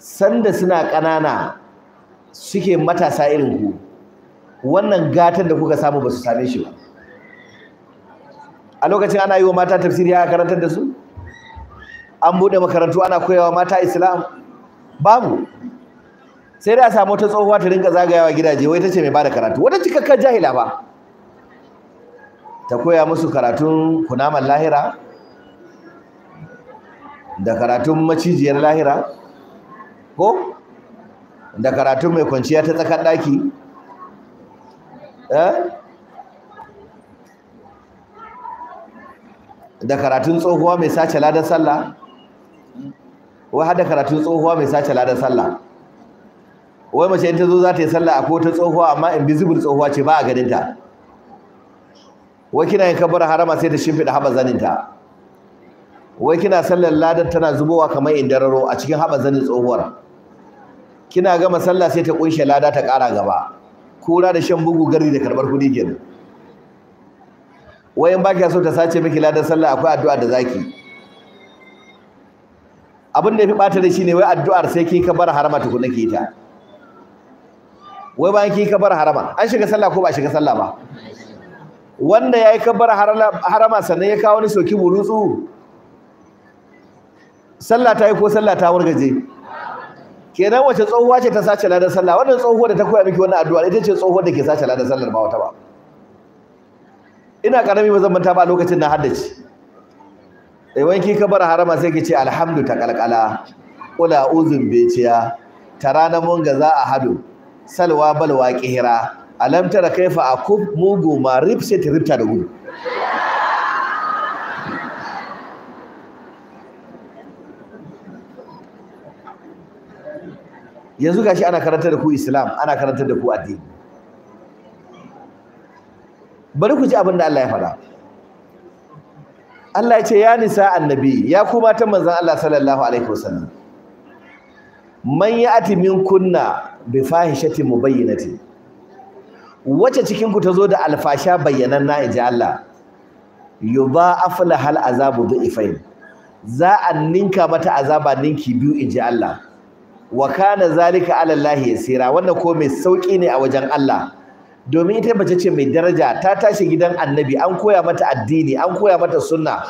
sanda suna ƙanana suke matasa irin ku wannan gatan da kuka samu ba su same shi ba a lokacin ana yi wa mata tafsiri ya karantar da su an buɗe makarantu ana koyawa mata islam babu sai da a samu ta tsohuwa ta rinka zagayawa gidaje wai ta ce mai bada karatu wata cikakkar jahila ba ta koya musu karatun kunaman lahira da karatun macijiyar lahira ko da karatun mai kwanciya ta tsakar daki eh? da karatun tsohuwa mai sace ladan sallah wai har da karatun tsohuwa mai sace ladan sallah wai mace in ta zo za ta yi sallah a kota tsohuwa amma invisible tsohuwa ce ba a ganin ta wai kina yin kabbara harama sai ta shimfiɗa zanin zaninta wai kina sallar ladan tana zubowa kamar indararo a cikin haɓa zanin tsohuwar kina gama sallah sai ta kunshe lada ta ƙara gaba kura da shan bugu gari da karɓar kuɗi kenan wayan ba so ta sace miki ladan sallah akwai addu'a da zaki abin da ya fi ɓata da shi ne wai addu'ar sai ki ka bar harama tukuna ki ta wai ba ki ka bar harama an shiga sallah ko ba shiga sallah ba wanda ya yi ka bar harama sannan ya kawo ni soki burutsu sallah ta yi ko sallah ta wargaje kenan wace tsohuwa ce ta sace ladan sallah wannan tsohuwa da ta koya miki wannan addu'a ita ce tsohuwar da ke sace ladan sallar ba wata ba ina karami bazan manta ba lokacin na haddace eh wanki ki bar harama sai ki ce alhamdu ta kalkala kula uzun beciya tarana mun ga za a hado salwa balwa qihira alam tara kaifa akub mugu ma ripse ta ripta da gudu yanzu gashi ana karantar da ku islam ana karantar da ku addini bari ku ji abin da Allah ya faɗa Allah ya ce ya nisa annabi ya kuma ta manzon Allah sallallahu alaihi wasallam man ya'ti minkunna bi fahishatin mubayyinati Wace cikin ku zo da alfasha na inji Allah yuba afla hal azabu dhifain za a ninka mata azaba ninki biyu inji Allah wa kana zalika ala Allah yasira wannan ko mai sauki ne a wajen Allah domin ita mace ce mai daraja ta tashi gidan annabi an koya mata addini an koya mata sunna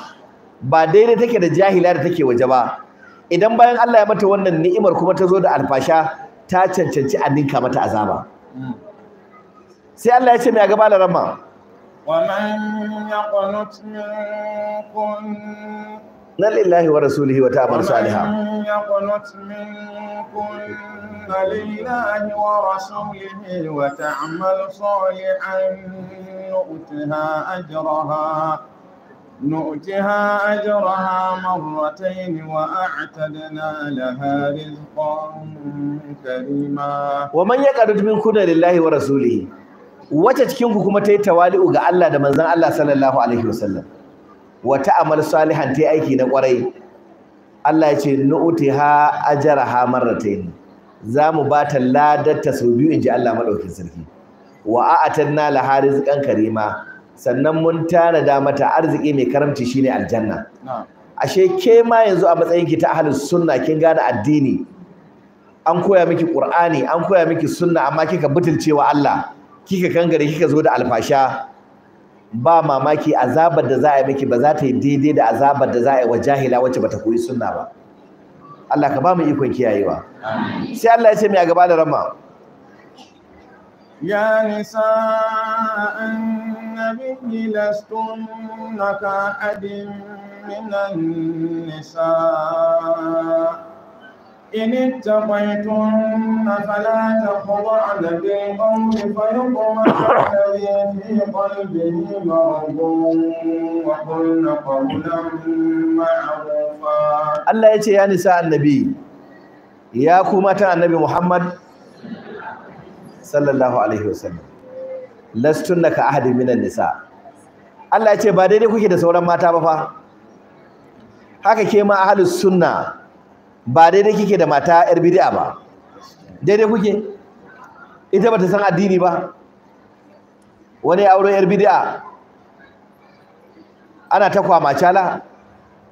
ba daidai take da jahila da take waje ba idan bayan Allah ya mata wannan ni'imar kuma ta zo da alfasha ta cancanci a mata azaba sai Allah ya ce mai gaba da rama ومن يقنت منكن na lillahi wa rasulihi wa ta'amal salihah لله ورسوله وتعمل صالحا نؤتها أجرها نؤتها أجرها مرتين وأعتدنا لها رزقا كريما ومن يقعد منكن لله ورسوله وتتكنكم تيتوالئ الله دمزان الله صلى الله عليه وسلم wata amal salihan ta aiki na kwarai Allah ya ce nu'tiha ajraha marratain za mu ba ta ladarta sau biyu inji Allah madaukin sarki wa a'atanna laha harizqan karima sannan mun tanada mata arziki mai karamci shine aljanna ashe ke ma yanzu a matsayin ki ta ahlus sunna kin gane addini an koya miki qur'ani an koya miki sunna amma kika butulcewa Allah kika kangare kika zo da alfasha ba mamaki azabar da za a yi miki ba za ta yi daidai da azabar da za a yi wa jahila wacce bata koyi sunna ba Allah ka ba mu ikon kiyayewa sai Allah ya ce mai a gaba da rama يا نساء النبي لستن كأحد من النساء ìní tàkwà ìtò àfàlá tàkọ̀wọ́ àgbẹ̀ ọmọdé fọ́yọ́kọ́ Allah ya ce ya nisa annabi ya kuma ta annabi Muhammad sallallahu Alaihi wasallam lastun na ka ahadin minan nisa Allah ya ce ba daidai kuke da sauran mata ba fa haka ke ma ahalus sunna ba daidai kike da mata yar bid'a ba daidai kuke ita bata san addini ba wani auren yar bid'a ana ta kwama cala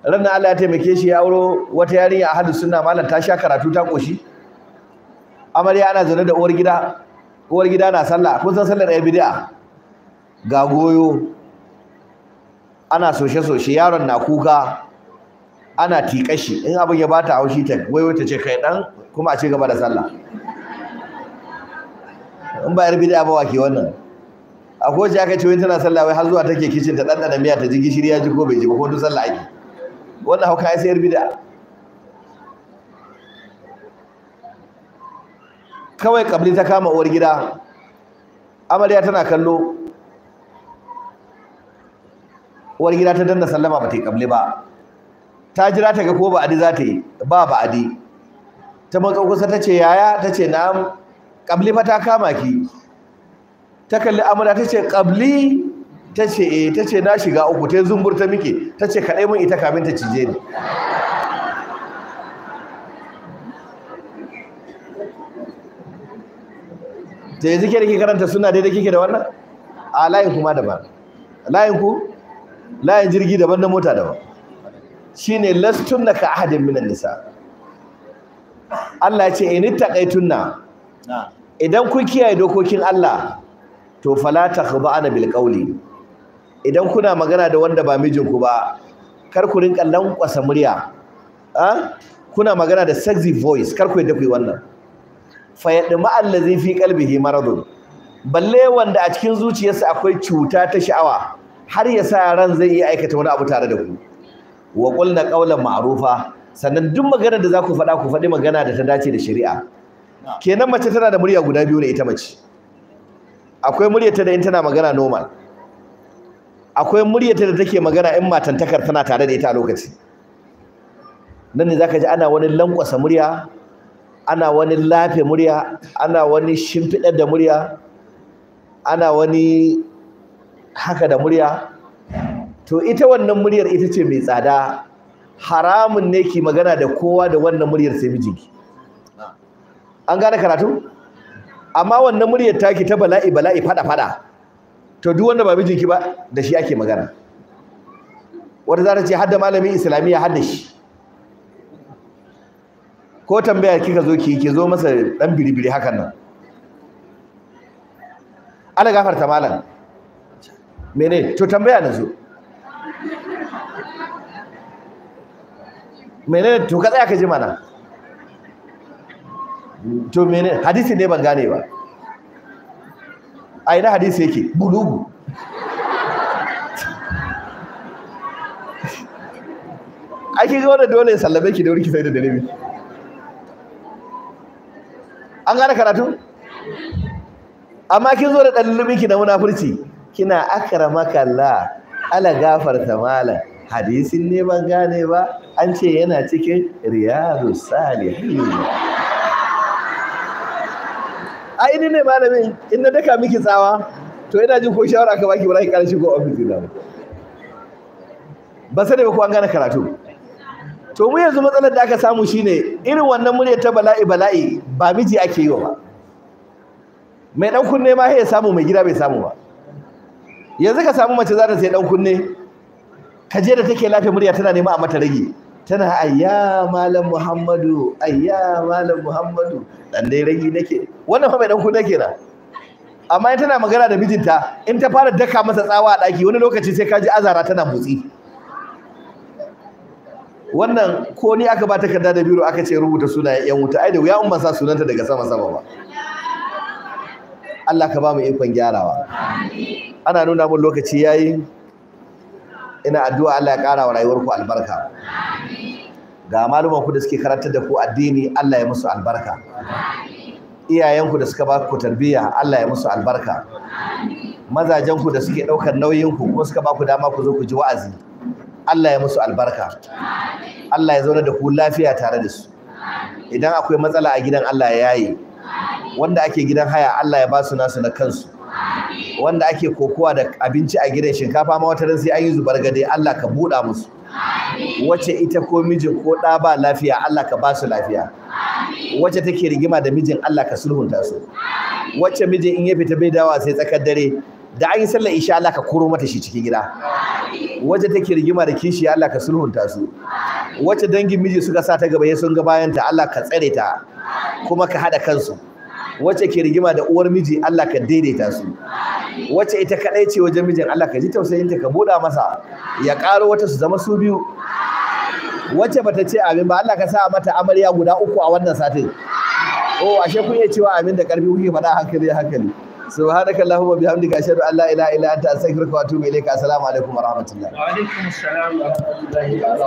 ranar Allah ya taimake shi ya auro wata yarinya a hadu sunna malam ta sha karatu ta koshi amarya ana zaune da uwar gida uwar gida na sallah kun san sallar yar bid'a ga goyo ana soshe soshe yaron na kuka ana tiƙa shi in abin ya bata haushi ta wai wata ce kai dan kuma a ce gaba da sallah in ba yarbi bid'a ba wake wannan a ko aka ce wani tana sallah wai har zuwa take kicin ta dan miya ta ji gishiri ya ji ko bai ji ba ko duk sallah ake wannan hauka ya sai yar bid'a kawai kabli ta kama uwar gida amarya tana kallo uwar gida ta danna sallama ba ta yi kabli ba ta jira ta ga ko ba'adi za ta yi ba ba'adi ta matsa kusa ta ce yaya ta ce na ƙabli fa ta kama ki ta kalli amina ta ce ƙabli ta ce eh ta ce na shiga uku ta zumbur ta muke ta ce kaɗai mun ita kamin ta cije ni da yanzu ke da ke karanta suna daidai kike da wannan a layin kuma daban layin ku layin jirgi daban na mota daban shine lastunna ka ahadin minan nisa Allah ya ce in taqaytunna idan kun kiyaye dokokin Allah to fala takhba'ana bil qawli idan kuna magana da wanda ba mijinku ba kar ku rinka lankwasa murya kuna magana da sexy voice kar ku yadda ku yi wannan fa yadma allazi fi qalbihi maradun balle wanda a cikin zuciyarsa akwai cuta ta sha'awa har ya sa ran zai iya aikata wani abu tare da ku wa qulna qawlan ma'rufa sannan duk maganar da za ku faɗa ku faɗi magana da ta dace da shari'a kenan mace tana da murya guda biyu ne ita mace akwai muryarta da in tana magana normal akwai muryarta da take magana in matantakar tana tare da ita a lokaci nan ne zaka ji ana wani lankwasa murya ana wani lafe murya ana wani shimfiɗar da murya ana wani haka da murya to ita wannan muryar ita ce mai tsada haramun ne ki magana da kowa da wannan muryar sai mijinki an gane karatu amma wannan muryar taki ta bala'i bala'i fada fada to duk wanda ba mijinki ba da shi ake magana wanda za ta ce da malamin islamiyya da shi ko tambaya kika zo ki ke zo masa dan biribiri hakan nan ana gafarta malam mene to tambaya na zo menene to ka tsaya ka ji mana to menene hadisi ne ban gane ba a ina hadisi yake bulugu ake ga wanda dole ya sallame ki da wuri ki sai da dare an gane karatu amma kin zo da dalilin ki na munafurci kina akara Allah ala gafarta malam hadisin ne ban gane ba an ce yana cikin riyadu salihin a ini ne malamin in na daka miki tsawa to ina jin ko shawara ka baki ba za ki karshe ko ofis da ba sai ba ko an gane karatu to mu yanzu matsalar da aka samu shine irin wannan murya ta bala'i bala'i ba miji ake yi ba mai dan kunne ma ya samu mai gida bai samu ba yanzu ka samu mace za ta sai dan kunne ka je da take lafiya murya tana nema a mata rage tana ayya malam muhammadu ayya malam muhammadu dan dai rage nake wannan fa mai dan kunne kenan amma in tana magana da mijinta in ta fara daka masa tsawa a daki wani lokaci sai ka ji azara tana motsi wannan ko ni aka ba takarda da biro aka ce rubuta sunayen yan wuta ai da wuya umma sa sunanta daga sama sama ba Allah ka ba mu ikon gyarawa amin ana nuna min lokaci yayi ina addu'a Allah ya ƙara wa rayuwarku albarka ga malamanku ku da suke karantar da ku addini Allah ya musu albarka iyayenku da suka ba ku tarbiyya Allah ya musu albarka mazajenku da suke ɗaukar nauyinku ko suka ba ku dama ku zo ku ji wa'azi Allah ya musu albarka Allah ya zauna da ku lafiya tare da su idan akwai matsala a gidan Allah ya yaye wanda ake gidan haya Allah ya ba su nasu na kansu wanda ake kokowa da abinci a gidan shinkafa ma wata sai an yi zubar gade Allah ka buɗa musu wacce ita ko mijin ko ɗa ba lafiya Allah ka ba su lafiya wacce take rigima da mijin Allah ka sulhunta su wacce mijin in ya fita bai dawa sai tsakar dare da an yi sallar isha Allah ka koro mata shi cikin gida wacce take rigima da kishi Allah ka sulhunta su Wace dangin miji suka sa ta gaba ya sun ga bayanta Allah ka tsare ta kuma ka haɗa kansu wacce ke rigima da uwar miji Allah ka daidaita su wacce ita kadai ce wajen mijin Allah ka ji tausayinta ka buɗa masa ya ƙaro wata su zama su biyu wacce bata ce amin ba Allah ka sa mata amarya guda uku a wannan satin oh ashe kun iya cewa amin da ƙarfi kuke faɗa hankali hankali سبحانك اللهم وبحمدك اشهد ان لا اله الا انت استغفرك واتوب اليك السلام عليكم ورحمه الله وعليكم السلام ورحمه الله